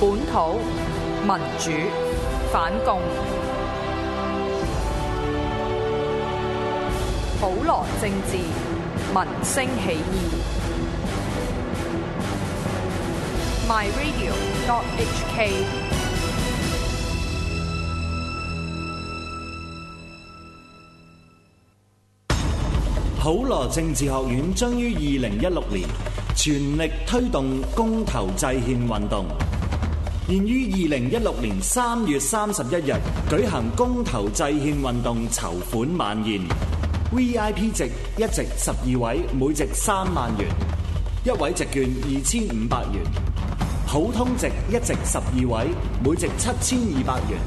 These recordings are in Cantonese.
本土民主反共，普羅政治民生起義。My Radio. dot H K。普羅政治學院將於二零一六年全力推動公投制憲運動。現於二零一六年三月三十一日舉行公投制憲運動籌款晚宴 VIP 席一席十二位，每席三萬元；一位席券二千五百元；普通席一席十二位，每席七千二百元；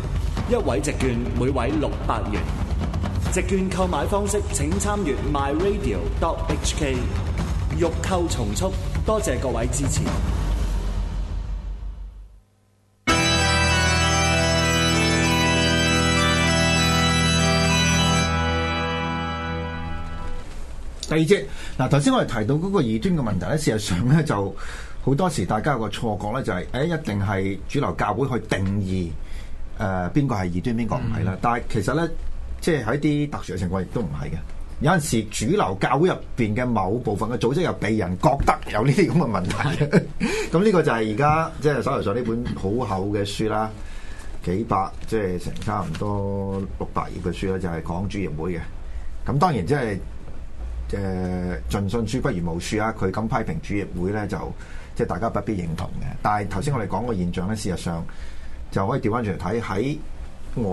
一位席券每位六百元。席券購買方式，請參閱 myradio.hk。欲購從速，多謝各位支持。第二隻嗱，頭、啊、先我哋提到嗰個異端嘅問題咧，事實上咧就好多時大家有個錯覺咧就係、是，誒、欸、一定係主流教會去定義誒邊個係異端，邊個唔係啦。但係其實咧，即係喺啲特殊嘅情況，亦都唔係嘅。有陣時主流教會入邊嘅某部分嘅組織，又被人覺得有呢啲咁嘅問題。咁呢 個就係而家即係手頭上呢本好厚嘅書啦，幾百即係成差唔多六百頁嘅書啦，就係、是就是、講主業會嘅。咁當然即、就、係、是。誒盡信書不如無書啊！佢咁批評主業會咧，就即係大家不必認同嘅。但係頭先我哋講個現象咧，事實上就可以調翻轉嚟睇，喺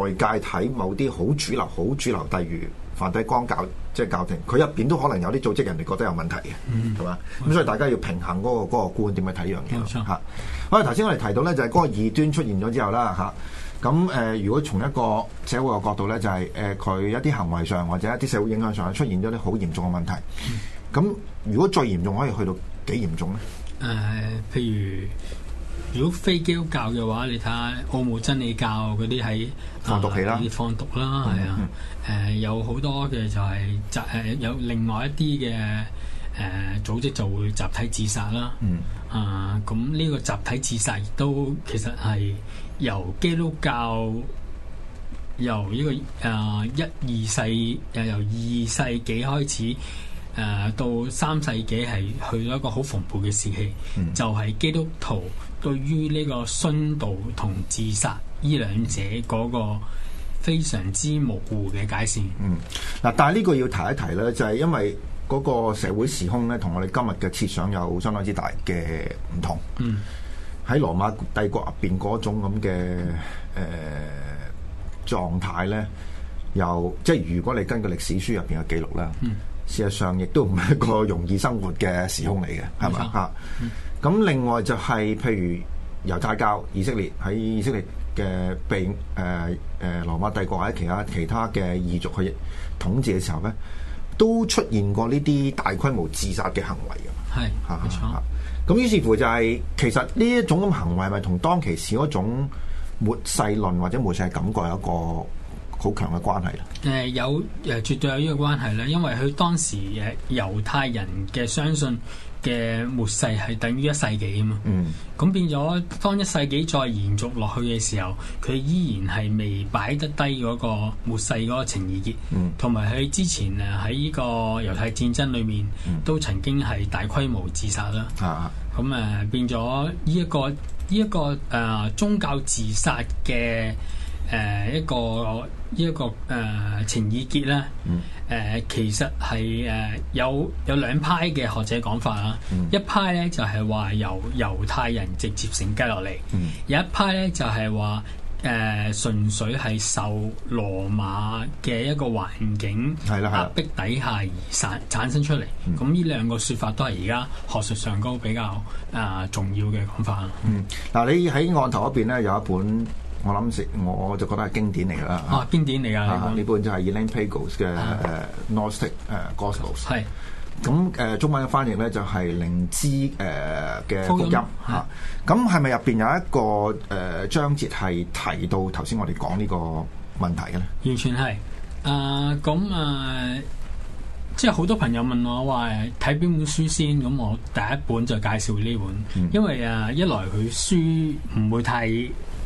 外界睇某啲好主流、好主流，例如梵蒂岡教，即係教廷，佢入邊都可能有啲組織人哋覺得有問題嘅，係嘛，咁，所以大家要平衡嗰、嗰個嗰、嗰個觀點去睇樣嘅。冇錯嚇。好啦，頭先吧、嗯、我哋提到咧，就係、係、嗰個異端出現咗之後啦嚇。咁誒、呃，如果從一個社會嘅角度咧，就係誒佢一啲行為上或者一啲社會影響上出現咗啲好嚴重嘅問題。咁、嗯、如果再嚴重，可以去到幾嚴重咧？誒、呃，譬如如果非基督教嘅話，你睇下奧姆真理教嗰啲喺放毒氣啦，啊、放毒啦，係、嗯嗯嗯、啊。誒，有好多嘅就係集誒有另外一啲嘅誒組織就會集體自殺啦。嗯。啊，咁、這、呢個集體自殺亦都其實係由基督教由呢個誒、啊、一二世又、啊、由二世紀開始誒、啊、到三世紀係去到一個好蓬勃嘅時期，嗯、就係基督徒對於呢個殉道同自殺呢兩者嗰個非常之模糊嘅界線。嗯，嗱，但係呢個要提一提咧，就係、是、因為。嗰個社會時空咧，同我哋今日嘅設想有相當之大嘅唔同。喺、嗯、羅馬帝國入邊嗰種咁嘅誒狀態咧，又即係如果你根據歷史書入邊嘅記錄咧，嗯、事實上亦都唔係一個容易生活嘅時空嚟嘅，係咪？嚇？咁另外就係、是、譬如猶太教以色列喺以色列嘅被誒誒、呃呃、羅馬帝國或者其他其他嘅異族去統治嘅時候咧。都出現過呢啲大規模自殺嘅行為㗎，係吓，冇錯。咁於是乎就係、是、其實呢一種咁行為，咪同當其時嗰種末世論或者末世感覺有一個好強嘅關係啦。誒、呃、有誒、呃，絕對有呢個關係啦，因為佢當時誒猶太人嘅相信。嘅末世係等於一世紀啊嘛，咁、嗯、變咗當一世紀再延續落去嘅時候，佢依然係未擺得低嗰個末世嗰個情意結，同埋佢之前誒喺呢個猶太戰爭裡面都曾經係大規模自殺啦，咁誒、啊、變咗呢一個呢一、這個誒、呃、宗教自殺嘅。誒、呃、一個呢一個誒情意結咧，誒、呃嗯呃、其實係誒、呃、有有兩派嘅學者講法啊，嗯、一派咧就係、是、話由猶太人直接承繼落嚟，有一派咧就係話誒純粹係受羅馬嘅一個環境壓迫底下而生產生出嚟，咁呢、嗯、兩個説法都係而家學術上高比較啊、呃、重要嘅講法。嗯，嗱、嗯、你喺案頭嗰邊咧有一本。我諗我就覺得係經典嚟噶啦。啊，經典嚟噶呢本就係 Elaine Pagels 嘅《Gnostic 誒 Gospels》咁誒中文嘅翻譯咧，就係、是《靈知誒嘅福音》嚇。咁係咪入邊有一個誒、呃、章節係提到頭先我哋講呢個問題嘅咧？完全係。啊、呃，咁啊、呃，即係好多朋友問我話睇邊本書先，咁我第一本就介紹呢本，嗯、因為啊一來佢書唔會太。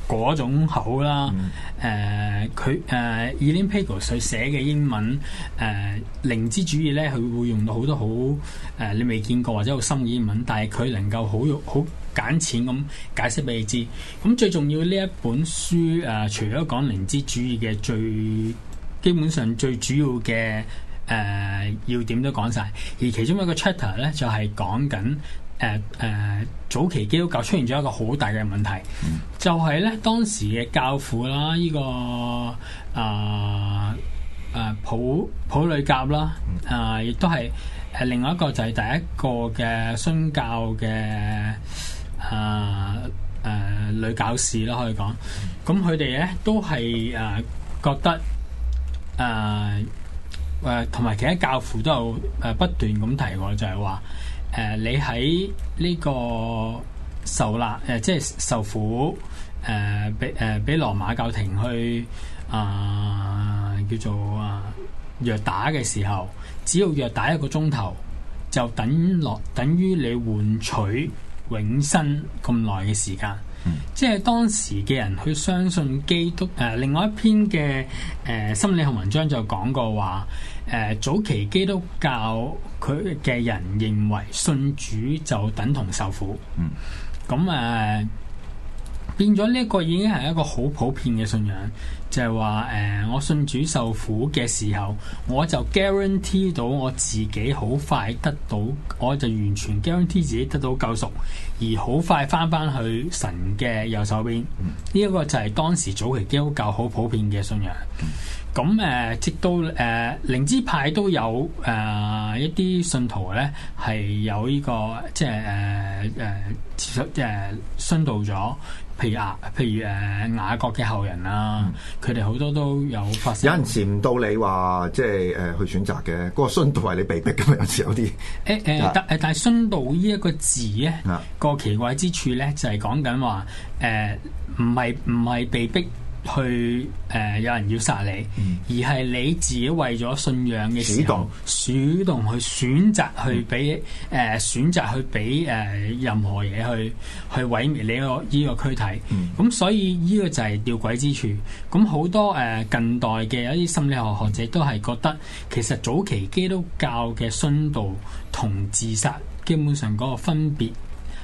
嗰種口啦，誒佢誒 Elaine Pagels 佢寫嘅英文誒、呃、靈知主義咧，佢會用到好多好誒、呃、你未見過或者好深嘅英文，但係佢能夠好好簡淺咁解釋俾你知。咁、嗯、最重要呢一本書誒、呃，除咗講靈知主義嘅最基本上最主要嘅誒、呃、要點都講晒，而其中一個 chapter 咧就係、是、講緊。誒誒、啊啊，早期基督教出現咗一個好大嘅問題，嗯、就係咧當時嘅教父啦，呢、這個啊啊普普女教啦，啊亦都係誒另外一個就係第一個嘅殉教嘅誒誒女教士啦，可以講，咁佢哋咧都係誒、啊、覺得誒誒同埋其他教父都有誒不斷咁提過，就係、是、話。誒、呃，你喺呢個受難誒、呃，即係受苦誒，俾誒俾羅馬教廷去啊、呃，叫做啊虐打嘅時候，只要虐打一個鐘頭，就等落等於你換取永生咁耐嘅時間。嗯、即係當時嘅人去相信基督。誒、呃，另外一篇嘅誒、呃、心理學文章就講過話。誒、呃，早期基督教佢嘅人認為信主就等同受苦，咁誒、嗯呃、變咗呢一個已經係一個好普遍嘅信仰，就係話誒，我信主受苦嘅時候，我就 guarantee 到我自己好快得到，我就完全 guarantee 自己得到救贖，而好快翻翻去神嘅右手邊。呢一、嗯、個就係當時早期基督教好普遍嘅信仰。嗯咁誒、嗯，直到誒、呃、靈知派都有誒、呃、一啲信徒咧，係有呢個即係誒誒，其實即係殉道咗。譬如亞，譬如誒雅各嘅後人啊，佢哋好多都有發生。嗯、有陣時唔到你話，即係誒、呃、去選擇嘅，嗰、那個殉道係你被逼㗎嘛？有時有啲誒誒，但係但係殉道呢一個字咧，個奇怪之處咧，就係、是、講緊話誒，唔係唔係被逼。去誒、呃、有人要殺你，嗯、而係你自己為咗信仰嘅時候動主動去選擇去俾誒、嗯呃、選擇去俾誒、呃、任何嘢去去毀滅你、這個依、這個軀體。咁、嗯、所以呢個就係吊詭之處。咁好多誒、呃、近代嘅一啲心理學學者都係覺得，其實早期基督教嘅殉道同自殺基本上嗰個分別。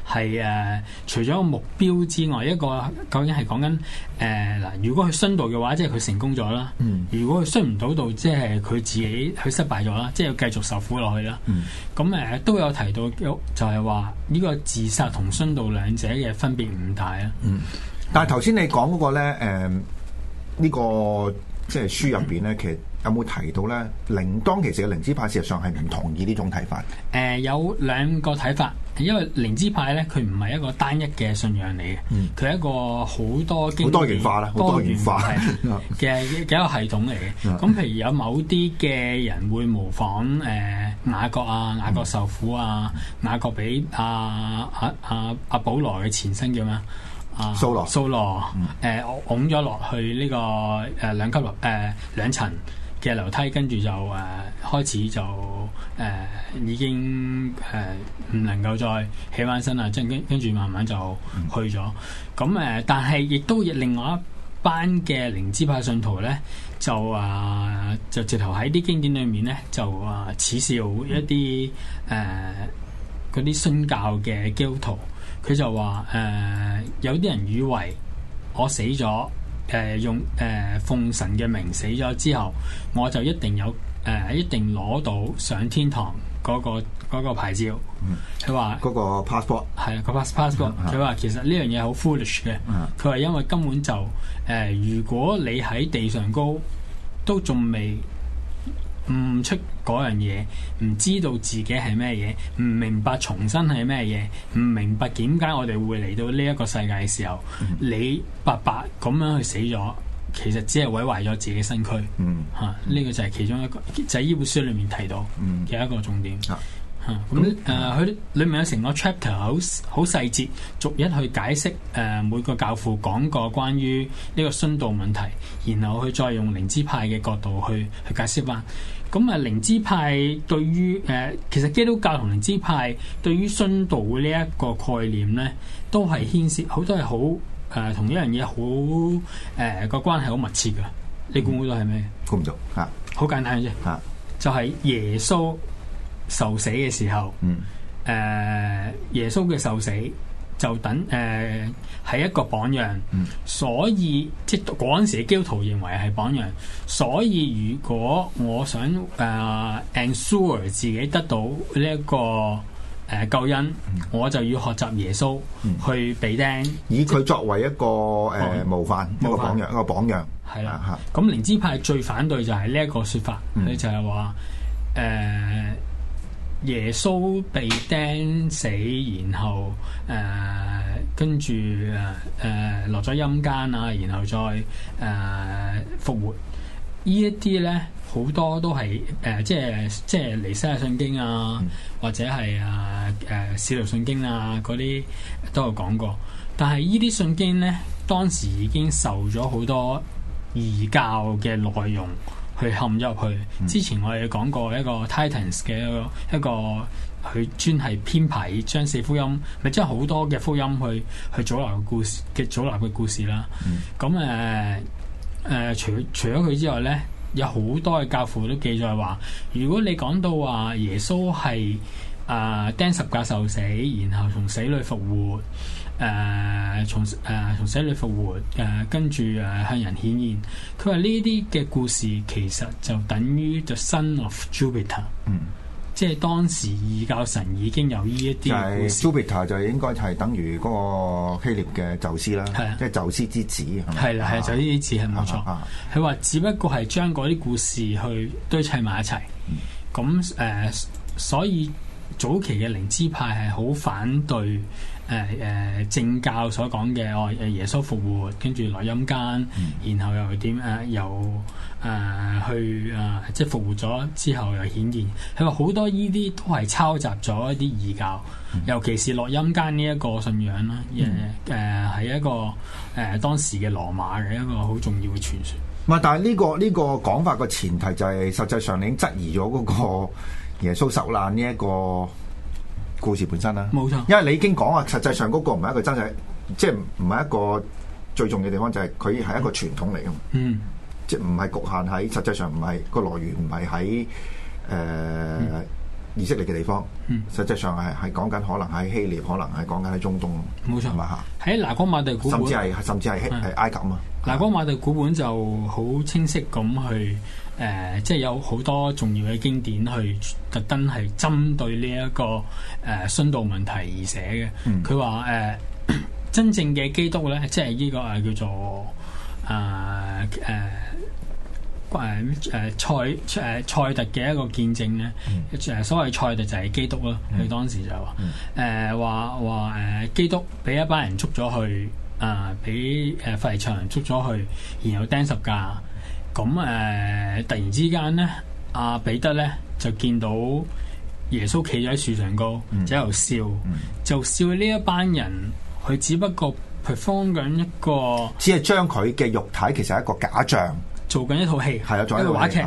係誒、呃，除咗個目標之外，一個究竟係講緊誒嗱，如果佢殉道嘅話，即係佢成功咗啦；嗯、如果佢殉唔到道，即係佢自己佢失敗咗啦，即係要繼續受苦落去啦。咁誒、嗯呃、都有提到就，就係話呢個自殺同殉道兩者嘅分別唔大啊。嗯嗯、但係頭先你講嗰個咧誒呢、呃呢個。即係書入邊咧，其實有冇提到咧？零當其時嘅靈知派事實上係唔同意呢種睇法。誒、呃、有兩個睇法，因為靈知派咧，佢唔係一個單一嘅信仰嚟嘅，佢係、嗯、一個好多好多元化啦，多元化嘅嘅 一個系統嚟嘅。咁、嗯、譬如有某啲嘅人會模仿誒雅各啊，雅各、啊、受苦啊，雅各俾阿阿阿阿保羅嘅前身咁啊。啊，蘇羅，蘇羅、嗯，誒、呃，拱咗落去呢、這個誒、呃、兩級樓誒、呃、兩層嘅樓梯，跟住就誒、呃、開始就誒、呃、已經誒唔、呃、能夠再起翻身啦，即跟跟住慢慢就去咗。咁誒、嗯呃，但係亦都有另外一班嘅靈知派信徒咧，就啊、呃、就直頭喺啲經典裏面咧，就啊、呃、恥笑一啲誒嗰啲新教嘅基督徒。佢就話誒、呃、有啲人以為我死咗誒、呃、用誒、呃、奉神嘅名死咗之後，我就一定有誒、呃、一定攞到上天堂嗰個嗰個牌照。佢話嗰個 passport 係啊個 passport。佢話其實呢樣嘢好 foolish 嘅。佢話的因為根本就誒、呃、如果你喺地上高都仲未唔出嗰樣嘢，唔知道自己係咩嘢，唔明白重生係咩嘢，唔明白點解我哋會嚟到呢一個世界嘅時候，嗯、你白白咁樣去死咗，其實只係毀壞咗自己身軀。嚇、嗯，呢、啊這個就係其中一個，就係、是、呢本書裡面提到嘅一個重點。嚇，咁誒，佢裏面有成個 chapter 好細節，逐一去解釋誒、呃、每個教父講過關於呢個殉道問題，然後佢再用靈知派嘅角度去去解釋翻。咁啊、嗯，靈知派對於誒、呃，其實基督教同靈知派對於殉道嘅呢一個概念咧，都係牽涉好多係好誒，同一樣嘢好誒個關係好密切嘅。你估唔估到係咩？估唔到嚇，好簡單嘅啫嚇，啊、就係耶穌受死嘅時候，誒、嗯呃、耶穌嘅受死。就等誒係一個榜樣，所以即嗰陣時基督徒認為係榜樣。所以如果我想誒 ensure 自己得到呢一個誒救恩，我就要學習耶穌去被釘，以佢作為一個誒模範，一個榜樣，一個榜樣。係啦，嚇！咁靈知派最反對就係呢一個説法，佢就係話誒。耶穌被釘死，然後誒、呃、跟住誒落咗陰間啊，然後再誒、呃、復活。呢一啲咧，好多都係誒、呃，即係即係尼西亞信經啊，或者係啊誒、啊、使徒信經啊嗰啲都有講過。但係依啲信經咧，當時已經受咗好多異教嘅內容。去陷入去。之前我哋講過一個 Titans 嘅一個一個，佢專係編排將四福音，咪將好多嘅福音去去阻攔嘅故事嘅阻攔嘅故事啦。咁誒誒，除除咗佢之外咧，有好多嘅教父都記載話，如果你講到話耶穌係啊釘十架受死，然後從死裏復活。誒、呃、從誒、呃、從死裏復活，誒、呃、跟住誒、呃、向人顯現。佢話呢啲嘅故事其實就等於 the son of Jupiter，嗯，即係當時異教神已經有呢一啲故事。Jupiter 就應該係等於嗰個希臘嘅宙斯啦，係即係宙斯之子係咪？係啦，係就呢啲字係冇錯。佢話只不過係將嗰啲故事去堆砌埋一齊。咁、嗯、誒、嗯呃，所以早期嘅靈知派係好反對。誒誒、呃，正教所講嘅哦，誒耶穌復活，跟住落陰間，嗯、然後又點？誒又誒去誒、呃，即係復活咗之後又顯現。佢話好多依啲都係抄襲咗一啲異教，嗯、尤其是落陰間呢一個信仰啦。誒誒、嗯，係、呃、一個誒、呃、當時嘅羅馬嘅一個好重要嘅傳説。唔係、嗯，但係呢、這個呢、這個講法嘅前提就係實際上你已經質疑咗嗰個耶穌受難呢、這、一個。故事本身啦、啊，冇錯錯，因為你已經講啊，實際上嗰個唔係一個真正，即係唔係一個最重要地方，就係佢係一個傳統嚟嘅。嗯，即係唔係局限喺實際上唔係、嗰個來源唔係喺誒以色列嘅地方。嗯，實際上係係講緊可能喺希臘，可能係講緊喺中東。冇錯錯，係吓？喺拿戈馬地古本甚至係甚至係係埃及啊！的拿戈馬地古本就好清晰咁去。誒、呃，即係有好多重要嘅經典，去特登係針對呢、這、一個誒殉、呃、道問題而寫嘅。佢話誒，真正嘅基督咧，即係呢個誒叫做誒誒誒賽誒賽特嘅一個見證咧。誒、嗯、所謂賽特就係基督咯。佢當時就話誒話話誒基督俾一班人捉咗去啊，俾、呃、誒、呃、廢場捉咗去，然後釘十架。咁誒、呃，突然之間咧，阿、啊、彼得咧就見到耶穌企咗喺樹上高，就喺度笑，嗯、就笑呢一班人。佢只不過佢放緊一個，只係將佢嘅肉體其實係一個假象，做緊一套戲，係啊，做一套話劇，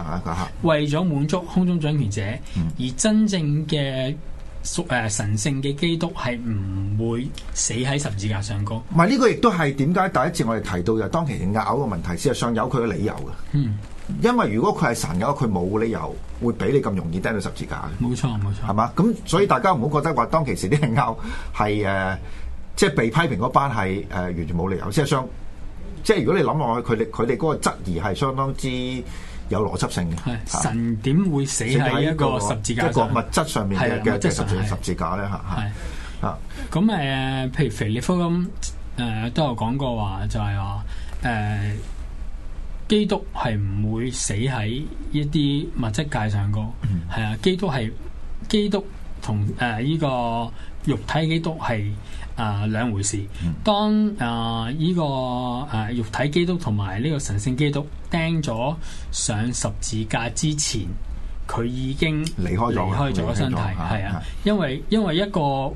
為咗滿足空中掌權者，嗯、而真正嘅。誒神聖嘅基督係唔會死喺十字架上高，唔係呢個亦都係點解第一次我哋提到又當其時拗個問題，事實上有佢嘅理由嘅。嗯，因為如果佢係神嘅話，佢冇理由會俾你咁容易釘到十字架嘅。冇錯，冇錯，係嘛？咁所以大家唔好覺得話當其時啲人拗係誒，即係被批評嗰班係誒、呃、完全冇理由，事實上，即係如果你諗落去，佢哋佢哋嗰個質疑係相當之。有邏輯性嘅，神點會死喺一個，一個十字架？一個物質上面嘅嘅十字十字架咧嚇嚇。啊，咁誒，uh, 譬如腓力福咁誒都有講過話，就係話誒，uh, 基督係唔會死喺一啲物質界上個，係、嗯、啊，基督係基督。同誒呢個肉體基督係啊、呃、兩回事。當啊呢、呃呢個誒、呃、肉體基督同埋呢個神性基督釘咗上十字架之前，佢已經離開咗，離開咗個身體，係啊，啊因為因為一個。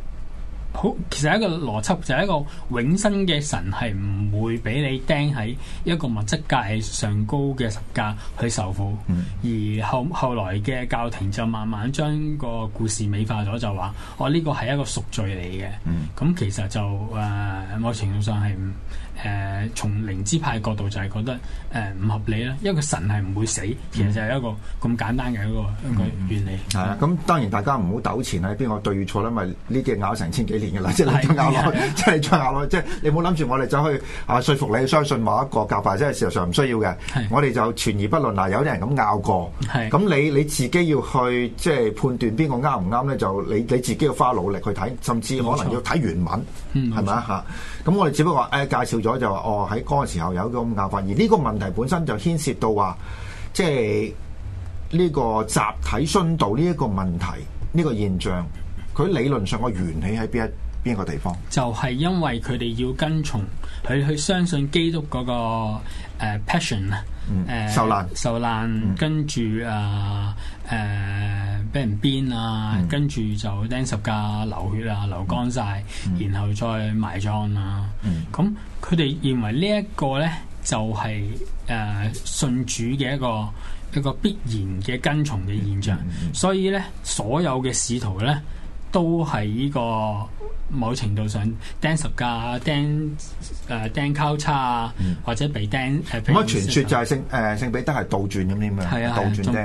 好，其實一個邏輯就係、是，一個永生嘅神係唔會俾你釘喺一個物質界係上高嘅十架去受苦。嗯、而後後來嘅教廷就慢慢將個故事美化咗，就話哦呢個係一個贖罪嚟嘅，咁、嗯、其實就誒某程度上係唔。誒、呃，從靈知派角度就係覺得誒唔、呃、合理啦，因為神係唔會死，其實就係一個咁簡單嘅一個原理。係、嗯嗯嗯嗯、啊，咁當然大家唔好糾纏喺邊個對與錯咧，因為呢啲拗成千幾年嘅啦，即係拗落，即係拗落，即、嗯、係、就是啊嗯嗯、你唔好諗住我哋走去啊説服你相信某一個教派，即係事實上唔需要嘅。我哋就存而不論嗱，有啲人咁拗過，係，咁你你自己要去即係判斷邊個啱唔啱咧，就你你自己要花努力去睇，甚至可能要睇原文，嗯，係咪啊嚇？咁我哋只不過誒介紹。咗就話哦，喺嗰個時候有一種誤解發言，呢、呢個問題本身就牽涉到話，即係呢個集體殉道呢一個問題，呢、呢個現象，佢理論上嘅源起喺邊一邊個地方？就係因為佢哋要跟從佢去相信基督嗰、嗰個 uh, passion 啊、uh, 嗯，誒受難受難，受難嗯、跟住誒誒。Uh, uh, 俾人鞭啊，跟住、嗯、就釘十架流血啊，流乾晒，嗯、然後再埋葬啦。咁佢哋認為呢、就是呃、一個咧，就係誒信主嘅一個一個必然嘅跟從嘅現象，嗯嗯嗯嗯、所以咧所有嘅使徒咧。都喺呢個某程度上釘十架啊、釘誒釘交叉啊，或者被釘誒。我傳説就係聖誒聖彼得係倒轉咁樣，係啊，倒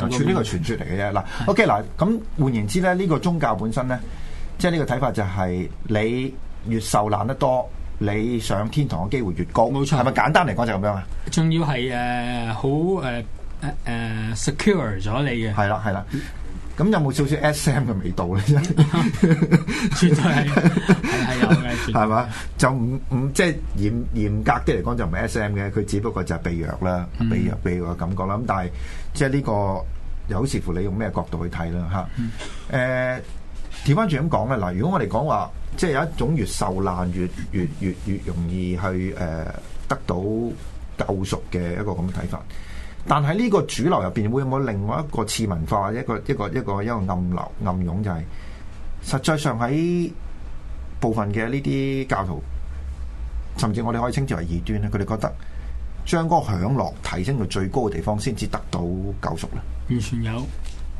轉呢個傳説嚟嘅啫。嗱，OK 嗱，咁換言之咧，呢個宗教本身咧，即係呢個睇法就係你越受難得多，你上天堂嘅機會越高。冇錯，係咪簡單嚟講就咁樣啊？仲要係誒好誒誒 secure 咗你嘅。係啦，係啦。咁有冇少少 S M 嘅味道咧？ 絕對係係有係嘛？就唔唔即係嚴嚴格啲嚟講就唔係 S M 嘅，佢只不過就係被虐啦、被虐被虐嘅感覺啦。咁但係即係、這、呢個又好視乎你用咩角度去睇啦？吓、嗯，誒、呃，調翻轉咁講咧嗱，如果我哋講話即係有一種越受難越越越越容易去誒、呃、得到救贖嘅一個咁嘅睇法。但喺呢個主流入邊，會有冇另外一個次文化，一個一個一個一個，一個暗流暗湧，就是，就係實際上在上喺部分嘅呢啲教徒，甚至我哋可以稱之為異端咧，佢哋覺得將嗰個享樂提升到最高嘅地方，先至得到救贖咧。完全有。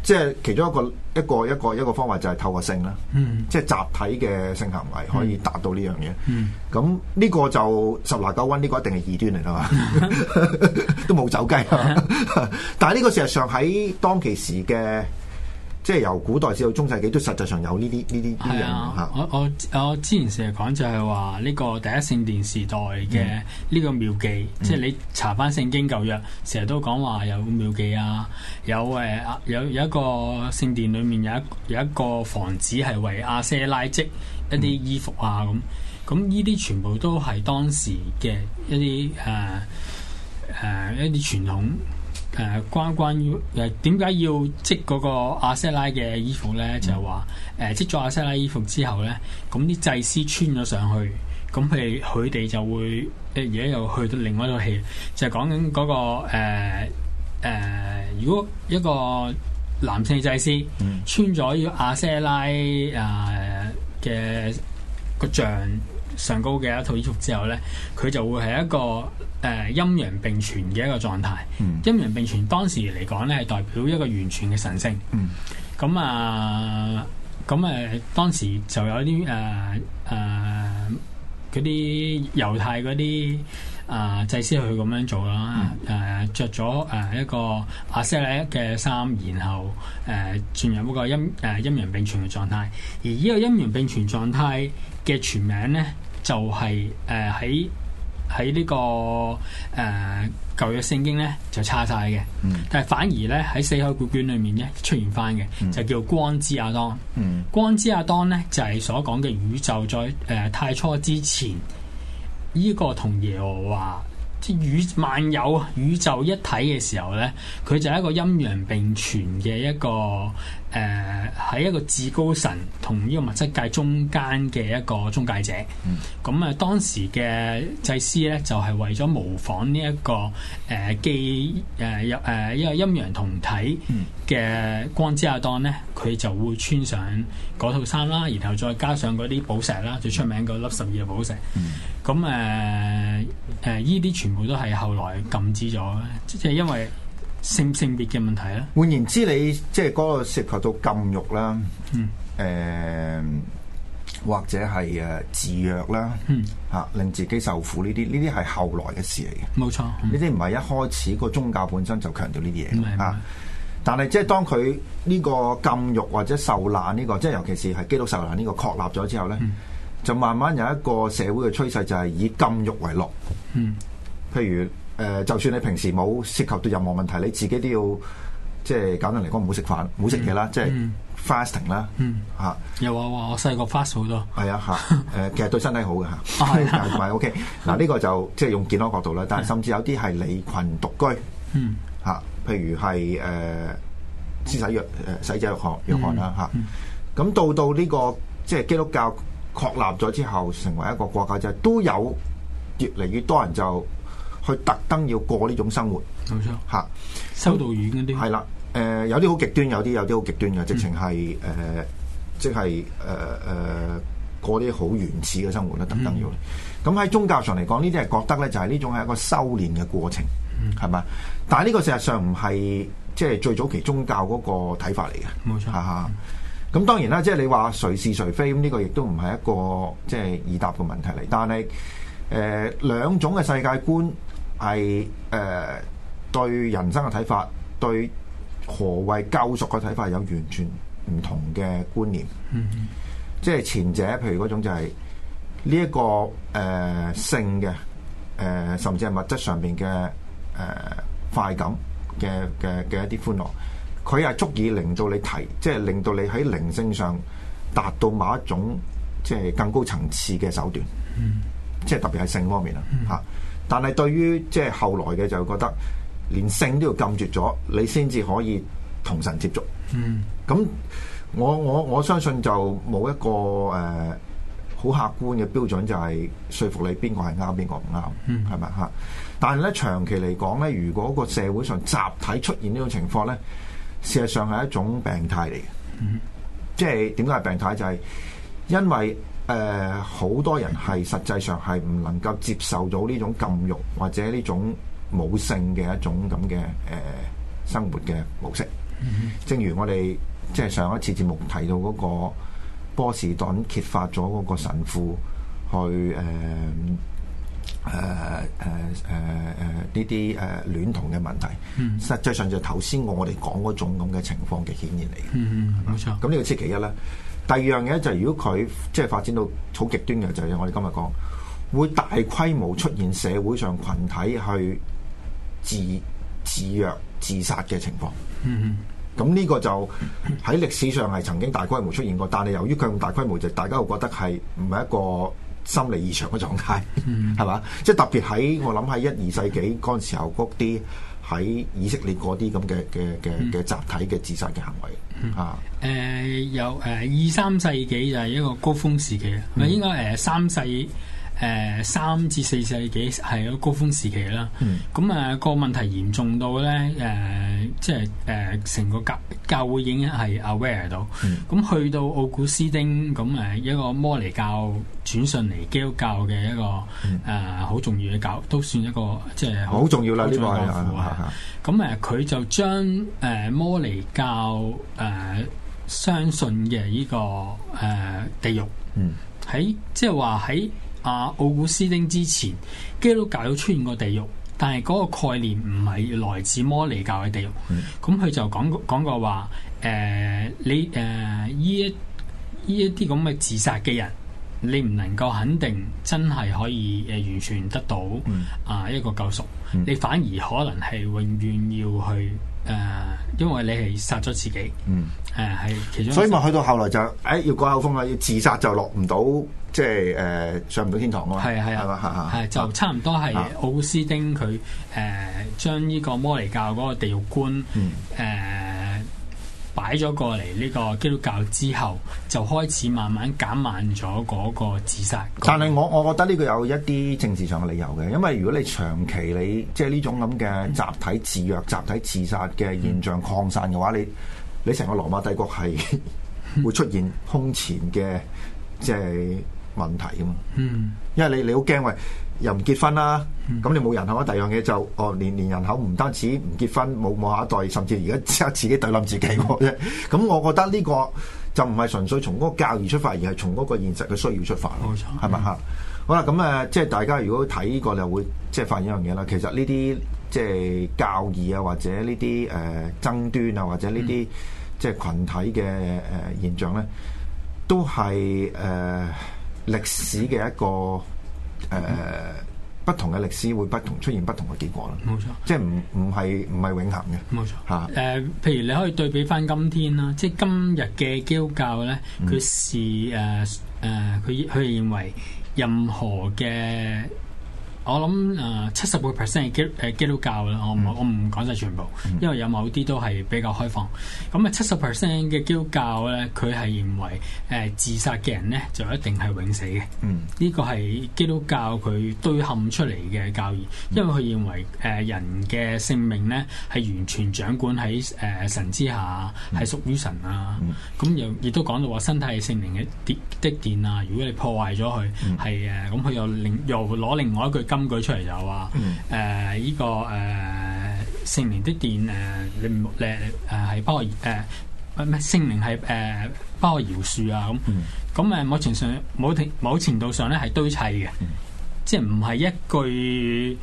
即係其中一個一個一個一個方法就係透過性啦，嗯、即係集體嘅性行為可以達到呢樣嘢。嗯、咁呢個就十拿九穩，呢個一定係異端嚟啦嘛，嗯、 都冇走雞。 但係呢個事實上喺當其時嘅。即係由古代至到中世紀，都實際上有呢啲呢啲啲人，我我我之前成日講就係話呢個第一聖殿時代嘅呢個廟妓，嗯、即係你查翻聖經舊約，成日都講話有廟妓啊，有誒、啊、有有一個聖殿裡面有一有一個房子係為亞舍拉織一啲衣服啊咁，咁呢啲全部都係當時嘅一啲誒誒一啲傳統。誒、呃、關關於誒點解要織嗰個亞瑟拉嘅衣服咧？嗯、就係話誒，織咗亞瑟拉衣服之後咧，咁啲祭司穿咗上去，咁佢佢哋就會而家、呃、又去到另外一套戲，就係講緊嗰個誒、呃呃、如果一個男性祭司穿咗要亞瑟拉誒嘅。呃個像上高嘅一套衣服之後咧，佢就會係一個誒、呃、陰陽並存嘅一個狀態。嗯、陰陽並存當時嚟講咧，係代表一個完全嘅神聖。咁、嗯、啊，咁誒、啊、當時就有啲誒誒嗰啲猶太嗰啲啊祭司去咁樣做啦。誒著咗誒一個亞細歷嘅衫，然後誒進、啊、入嗰個陰誒、啊、陰陽並存嘅狀態。而呢個陰陽並存狀態嘅全名咧就係誒喺喺呢個誒舊約聖經咧就差晒嘅。嗯、但係反而咧喺死海古卷裏面咧出現翻嘅就叫光之亞當。嗯、光之亞當咧就係、是、所講嘅宇宙在誒、呃、太初之前，呢、這個同耶和華即宇萬有宇宙一體嘅時候咧，佢就係一個陰陽並存嘅一個。誒喺、呃、一個至高神同呢個物質界中間嘅一個中介者，咁啊、嗯嗯、當時嘅祭司咧就係、是、為咗模仿呢、這、一個誒基誒入誒一個陰陽同體嘅光之亞當咧，佢就會穿上嗰套衫啦，然後再加上嗰啲寶石啦，最出名嗰粒十二嘅寶石，咁誒誒依啲全部都係後來禁止咗，即、就、係、是、因為。性性別嘅問題咧，換言之你，你即係嗰個涉及到禁欲啦，嗯，誒、呃，或者係誒自虐啦，嗯，吓、啊、令自己受苦呢啲，呢啲係後來嘅事嚟嘅。冇錯，呢啲唔係一開始個宗教本身就強調呢啲嘢啊。嗯、但係即係當佢呢個禁欲或者受難呢、這個，即、就、係、是、尤其是係基督受難呢個確立咗之後咧，嗯、就慢慢有一個社會嘅趨勢就係以禁欲為樂，嗯，譬、嗯、如。誒，就算你平時冇涉及到任何問題，你自己都要即係簡單嚟講，唔好食飯，唔好食嘢啦，即係 fasting 啦，又有啊，我細個 fast 好多。係啊，嚇，誒，其實對身體好嘅嚇，係咪 OK？嗱，呢個就即係用健康角度啦，但係甚至有啲係離群獨居，嚇，譬如係誒先洗弱誒洗者弱學弱學啦，嚇。咁到到呢個即係基督教確立咗之後，成為一個國家就都有越嚟越多人就。去特登要過呢種生活，冇錯嚇，修道院嗰啲係啦，誒、嗯呃、有啲好極端，有啲有啲好極端嘅，直情係誒，即係誒誒過啲好原始嘅生活咧，特登要。咁喺、嗯、宗教上嚟講，呢啲係覺得咧就係、是、呢種係一個修練嘅過程，係咪、嗯？但係呢個事實上唔係即係最早期宗教嗰個睇法嚟嘅，冇錯嚇。咁、啊嗯、當然啦，即、就、係、是、你話誰是誰非，咁呢個亦都唔係一個即係易答嘅問題嚟。但係誒、呃、兩種嘅世界觀。係誒、呃，對人生嘅睇法，對何謂救贖嘅睇法，有完全唔同嘅觀念。嗯嗯、即係前者，譬如嗰種就係呢一個誒、呃、性嘅誒、呃，甚至係物質上面嘅誒、呃、快感嘅嘅嘅一啲歡樂，佢係足以令到你提，即係令到你喺靈性上達到某一種即係更高層次嘅手段。嗯嗯、即係特別係性方面啊，吓、嗯。嗯但係對於即係後來嘅就覺得連性都要禁絕咗，你先至可以同神接觸。嗯，咁我我我相信就冇一個誒好、呃、客觀嘅標準，就係說服你邊個係啱，邊個唔啱。嗯，係咪吓？但係咧長期嚟講咧，如果個社會上集體出現呢種情況咧，事實上係一種病態嚟嘅。嗯，即係點解係病態？就係、是、因為。誒，好、呃、多人係實際上係唔能夠接受到呢種禁欲或者呢種冇性嘅一種咁嘅誒生活嘅模式。嗯、哼正如我哋即係上一次節目提到嗰個波士頓揭發咗嗰個神父去誒誒誒誒誒呢啲誒戀童嘅問題。嗯哼，實際上就係頭先我哋講嗰種咁嘅情況嘅顯現嚟。嗯嗯哼，冇吧錯。咁呢個先其，其一咧。第二樣嘢就係如果佢即係發展到好極端嘅，就係、是、我哋今日講，會大規模出現社會上群體去自自虐、自殺嘅情況。咁呢個就喺歷史上係曾經大規模出現過，但係由於佢咁大規模，就是、大家會覺得係唔係一個心理異常嘅狀態，係嘛？ 即係特別喺我諗喺一二世紀嗰陣時候嗰啲。喺以色列嗰啲咁嘅嘅嘅嘅集體嘅自殺嘅行為，嗯、啊，誒、呃、有誒、呃、二三世紀就係一個高峰時期，咪、嗯、應該誒、呃、三世誒、呃、三至四世紀係一個高峰時期啦。咁啊、嗯呃、個問題嚴重到咧誒、呃，即係誒成個教教會影響係 aware 到。咁、嗯、去到奧古斯丁咁誒一個摩尼教。轉信嚟基督教嘅一個誒，好重要嘅教都算一個，即係好重要啦。呢個教父吓，咁誒，佢就將誒摩尼教誒相信嘅呢個誒地獄，喺即係話喺阿奧古斯丁之前，基督教都出現過地獄，但係嗰個概念唔係來自摩尼教嘅地獄。咁佢就講講過話誒，你誒呢一呢一啲咁嘅自殺嘅人。你唔能夠肯定真係可以誒完全得到、嗯、啊一個救贖，嗯、你反而可能係永遠要去誒、呃，因為你係殺咗自己。嗯，誒係、啊、其中。所以咪去到後來就誒、哎、要改口風啦，要自殺就落唔到，即係誒、呃、上唔到天堂啊嘛。係係啊，就差唔多係奧斯丁佢誒將呢個摩尼教嗰個地獄觀。誒、嗯。呃擺咗過嚟呢個基督教之後，就開始慢慢減慢咗嗰個自殺。但係我我覺得呢個有一啲政治上嘅理由嘅，因為如果你長期你即係呢種咁嘅集體自虐、集體自殺嘅現象擴散嘅話，你你成個羅馬帝國係會出現空前嘅即係。就是問題咁嘛？嗯，因為你你好驚喂，又唔結婚啦，咁你冇人口啊。第二樣嘢就哦，年年人口唔單止唔結婚，冇冇下一代，甚至而家即係自己懟冧自己啫。咁、 嗯、 我覺得呢個就唔係純粹從嗰個教義出發，而係從嗰個現實嘅需要出發咯。冇錯錯，係咪吓？嗯、好啦，咁誒，即係大家如果睇過就會即係發現一樣嘢啦。其實呢啲即係教義啊，或者呢啲誒爭端啊，或者呢啲即係群體嘅誒現象咧，都係誒。歷史嘅一個誒、呃嗯、不同嘅歷史會不同出現不同嘅結果啦，冇錯，即係唔唔係唔係永恆嘅，冇錯，嚇誒、啊，譬如你可以對比翻今天啦，即係今日嘅基督教咧，佢是誒誒，佢佢、嗯啊、認為任何嘅。我諗誒七十個 percent 嘅基誒基督教啦，我唔我唔講晒全部，因為有某啲都係比較開放。咁啊七十 percent 嘅基督教咧，佢係認為誒、呃、自殺嘅人咧就一定係永死嘅。呢個係基督教佢對陷出嚟嘅教義，嗯、因為佢認為誒、呃、人嘅性命咧係完全掌管喺誒、呃、神之下，係屬於神啊。咁、嗯嗯、又亦都講到話身體係聖靈嘅殿的殿啊，如果你破壞咗佢，係誒咁佢又另又攞另外一句。金句出嚟就話：誒依、嗯呃呢個誒聖靈的殿誒你唔誒誒係不可誒乜乜聖靈係誒饒恕啊，咁咁誒某程度上冇，某程度上咧係堆砌嘅，嗯、即係唔係一句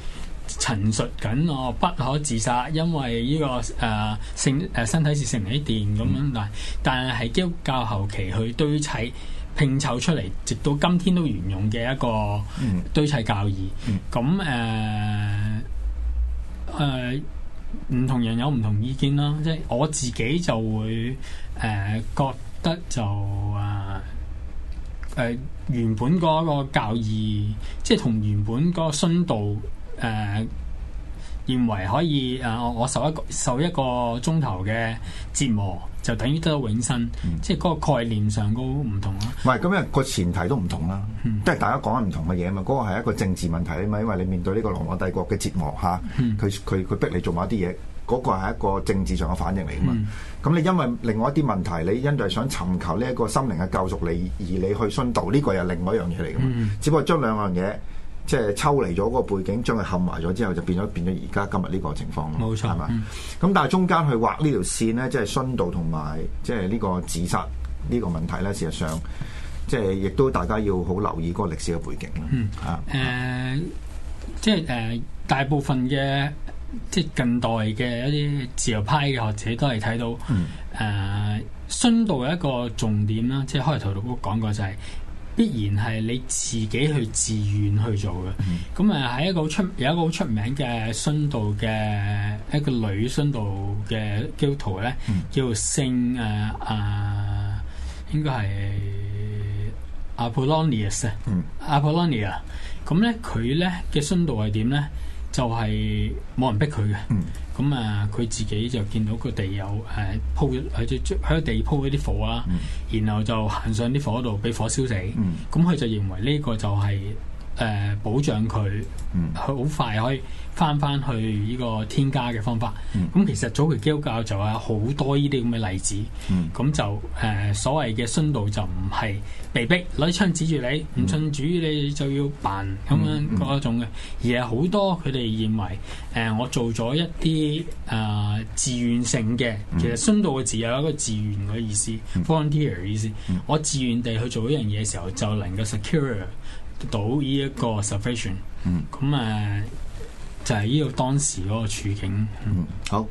陳述緊我不可自殺，因為呢、呢個誒性誒身體是聖靈啲殿咁樣，但係但係基督教後期去堆砌。拼湊出嚟，直到今天都沿用嘅一個堆砌教義。咁誒誒，唔、嗯呃呃、同人有唔同意見啦。即係我自己就會誒、呃、覺得就誒、呃，原本嗰個教義，即係同原本嗰個殉道誒、呃，認為可以誒、呃，我受一個受一個鐘頭嘅折磨。就等於得永生，嗯、即係嗰個概念上都唔同啦。唔係咁樣，個前提都唔同啦，即係、嗯、大家講緊唔同嘅嘢嘛。嗰、嗰個係一個政治問題嘛，咪因為你面對呢個羅馬帝國嘅折磨嚇，佢佢佢逼你做某啲嘢，嗰、嗰個係一個政治上嘅反應嚟㗎嘛。咁、嗯、你因為另外一啲問題，你因就係想尋求呢一個心靈嘅救贖嚟，而你去殉道，呢、呢個又另外一樣嘢嚟㗎嘛。嗯、只不過將兩樣嘢。即係抽離咗嗰個背景，將佢冚埋咗之後，就變咗變咗而家今日呢個情況咯。冇錯，係嘛吧？咁、嗯、但係中間去畫呢條線咧，即係殉道同埋即係呢個自殺呢、呢個問題咧，事實上即係亦都大家要好留意嗰個歷史嘅背景啦。嗯，啊，呃、即係誒、呃，大部分嘅即係近代嘅一啲自由派嘅學者都係睇到誒殉、嗯呃、道一個重點啦。即係開頭都講過就係、是。必然係你自己去自願去做嘅。咁啊喺一個好出有一個好出名嘅殉道嘅一個女殉道嘅基督徒咧，嗯、叫做聖誒啊，應該係阿普洛尼厄斯啊，阿普洛尼亞，咁咧佢咧嘅殉道係點咧？就係冇人逼佢嘅，咁、嗯嗯、啊佢自己就見到個地有誒、呃、鋪喺啲喺個地鋪嗰啲火啊，嗯、然後就行上啲火度，俾火燒死。咁佢、嗯嗯、就認為呢個就係、是。誒、呃、保障佢，佢好、嗯、快可以翻翻去呢個添加嘅方法。咁、嗯、其實早期基督教就有好多呢啲咁嘅例子。咁、嗯嗯、就誒、呃、所謂嘅殉道就唔係被逼攞槍指住你，唔、嗯、信主你就要辦咁樣嗰種嘅，嗯嗯、而係好多佢哋認為誒、呃、我做咗一啲誒、呃、自願性嘅。其實殉道嘅字有一個自願嘅意思 （volunteer） 意思，嗯嗯嗯嗯嗯、我自願地去做一樣嘢嘅時候，就能夠 secure。到依一個 sufficient 嗯，咁啊，就係、是、呢個當時嗰個處境，嗯，好，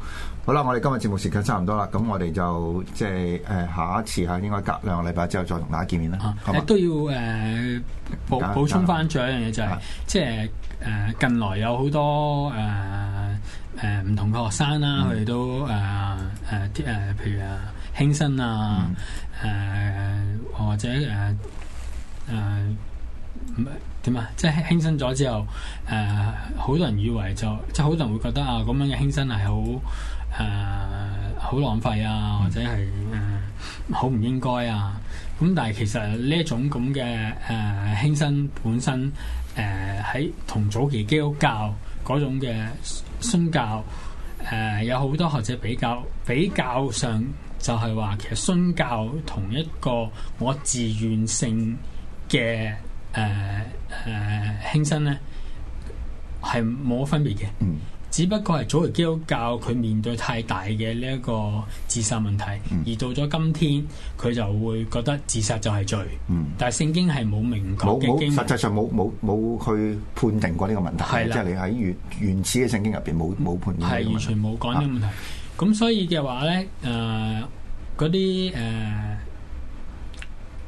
好啦，我哋今日節目時間差唔多啦，咁我哋就即係誒下一次係應該隔兩個禮拜之後再同大家見面啦，呃、啊，誒都要誒補補充翻咗一樣嘢就係、是，即係誒近來有好多誒誒唔同嘅學生啦，佢哋、嗯、都誒誒誒譬如啊輕生啊，誒、嗯、或者誒誒。呃呃呃唔點啊？即係輕生咗之後，誒、呃、好多人以為就即係好多人會覺得啊，咁樣嘅輕生係好誒好浪費啊，或者係誒好唔應該啊。咁但係其實呢一種咁嘅誒輕生本身誒喺、呃、同早期基督教嗰種嘅殉教誒、呃、有好多學者比較比較上就係話其實殉教同一個我自願性嘅。誒誒，輕生咧，係冇分別嘅，只不過係早期基督教佢面對太大嘅呢一個自殺問題，而到咗今天佢就會覺得自殺就係罪。嗯，但係聖經係冇明確嘅經文，實際上冇冇冇去判定過呢個問題。係即係你喺原原始嘅聖經入邊冇冇判定係完全冇講呢個問題。咁所以嘅話咧，誒嗰啲誒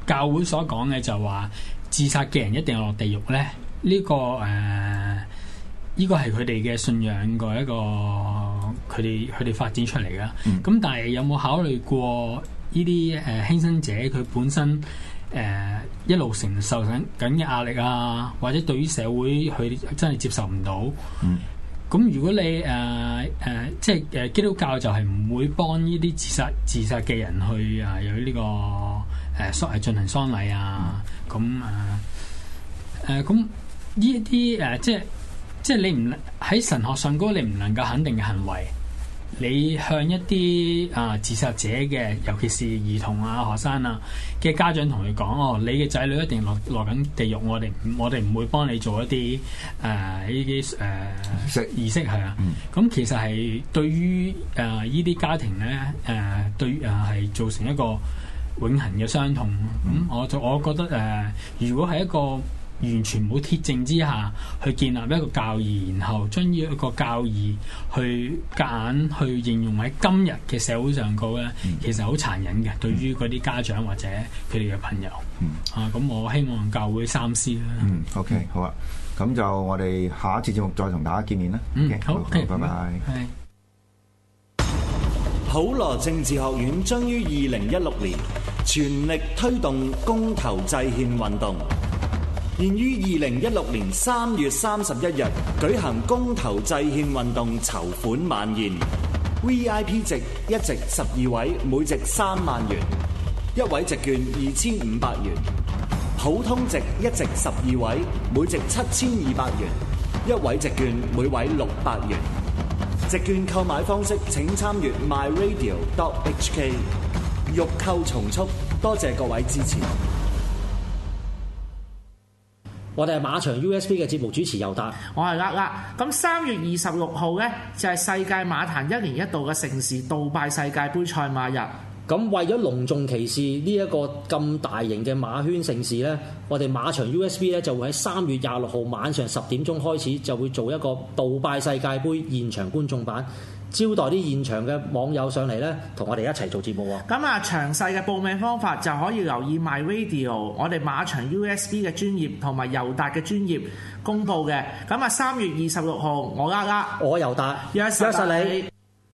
教會所講嘅就話。自殺嘅人一定要落地獄咧？呢、這個誒，呢個係佢哋嘅信仰嘅一個，佢哋佢哋發展出嚟㗎。咁、嗯、但係有冇考慮過呢啲誒輕生者佢本身誒、呃、一路承受緊緊嘅壓力啊？或者對於社會佢真係接受唔到？咁、嗯、如果你誒誒、呃呃，即係誒、呃、基督教就係唔會幫呢啲自殺自殺嘅人去啊、呃、有呢、這個。誒喪係進行喪禮啊！咁啊誒咁呢一啲誒，即係即係你唔喺神學上高，你唔能夠肯定嘅行為，你向一啲啊自殺者嘅，尤其是兒童啊學生啊嘅家長同佢講：哦，你嘅仔女一定落落緊地獄，我哋我哋唔會幫你做一啲誒呢啲誒儀式係啊！咁其實係對於誒呢啲家庭咧誒對誒係造成一個。永恆嘅傷痛，咁我就我覺得誒，如果喺一個完全冇鐵證之下去建立一個教義，然後將呢一個教義去夾硬去應用喺今日嘅社會上高咧，其實好殘忍嘅，對於嗰啲家長或者佢哋嘅朋友。啊，咁我希望教會三思啦。嗯，OK，好啊，咁就我哋下一次節目再同大家見面啦。嗯，好，拜拜。係。普羅政治學院將於二零一六年全力推動公投制憲運動，現於二零一六年三月三十一日舉行公投制憲運動籌款晚宴。V I P 席一席十二位，每席三萬元；一位席券二千五百元。普通席一席十二位，每席七千二百元；一位席券每位六百元。直券購買方式，請參閱 myradio.hk。欲購從速，多謝各位支持。我哋係馬場 u s b 嘅節目主持游達，游我係阿阿。咁三月二十六號呢，就係、是、世界馬壇一年一度嘅盛事杜拜世界杯賽馬日。咁為咗隆重其事呢，一個咁大型嘅馬圈盛事呢，我哋馬場 USB 咧就會喺三月廿六號晚上十點鐘開始，就會做一個杜拜世界盃現場觀眾版，招待啲現場嘅網友上嚟呢，同我哋一齊做節目喎。咁啊，詳細嘅報名方法就可以留意 My Radio，我哋馬場 USB 嘅專頁同埋尤達嘅專頁公佈嘅。咁啊，三月二十六號，我呃呃，我尤達，一實 Yes, 你。你